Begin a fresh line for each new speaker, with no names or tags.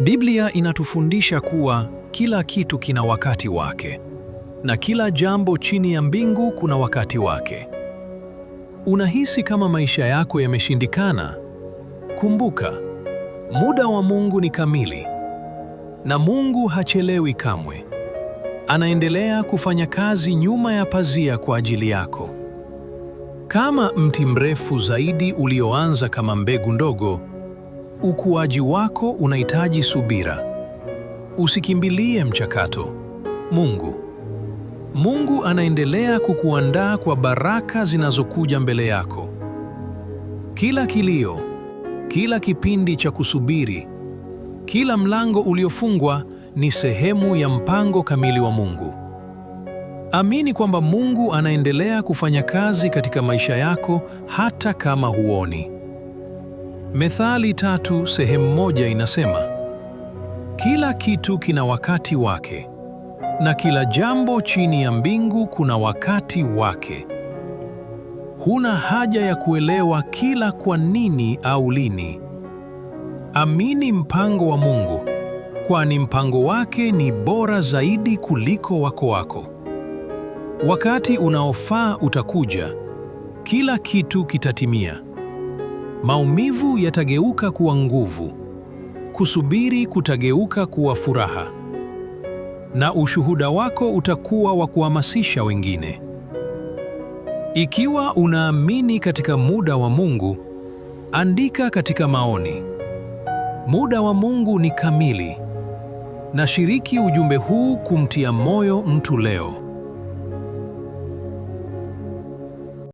Biblia inatufundisha kuwa kila kitu kina wakati wake na kila jambo chini ya mbingu kuna wakati wake. Unahisi kama maisha yako yameshindikana? Kumbuka, muda wa Mungu ni kamili na Mungu hachelewi kamwe. Anaendelea kufanya kazi nyuma ya pazia kwa ajili yako. Kama mti mrefu zaidi ulioanza kama mbegu ndogo Ukuaji wako unahitaji subira. Usikimbilie mchakato. Mungu Mungu anaendelea kukuandaa kwa baraka zinazokuja mbele yako. Kila kilio, kila kipindi cha kusubiri, kila mlango uliofungwa ni sehemu ya mpango kamili wa Mungu. Amini kwamba Mungu anaendelea kufanya kazi katika maisha yako hata kama huoni. Methali tatu sehemu moja inasema, kila kitu kina wakati wake na kila jambo chini ya mbingu kuna wakati wake. Huna haja ya kuelewa kila kwa nini au lini. Amini mpango wa Mungu, kwani mpango wake ni bora zaidi kuliko wako wako. Wakati unaofaa utakuja, kila kitu kitatimia. Maumivu yatageuka kuwa nguvu, kusubiri kutageuka kuwa furaha, na ushuhuda wako utakuwa wa kuhamasisha wengine. Ikiwa unaamini katika muda wa Mungu, andika katika maoni. Muda wa Mungu ni kamili. Na shiriki ujumbe huu kumtia moyo mtu leo.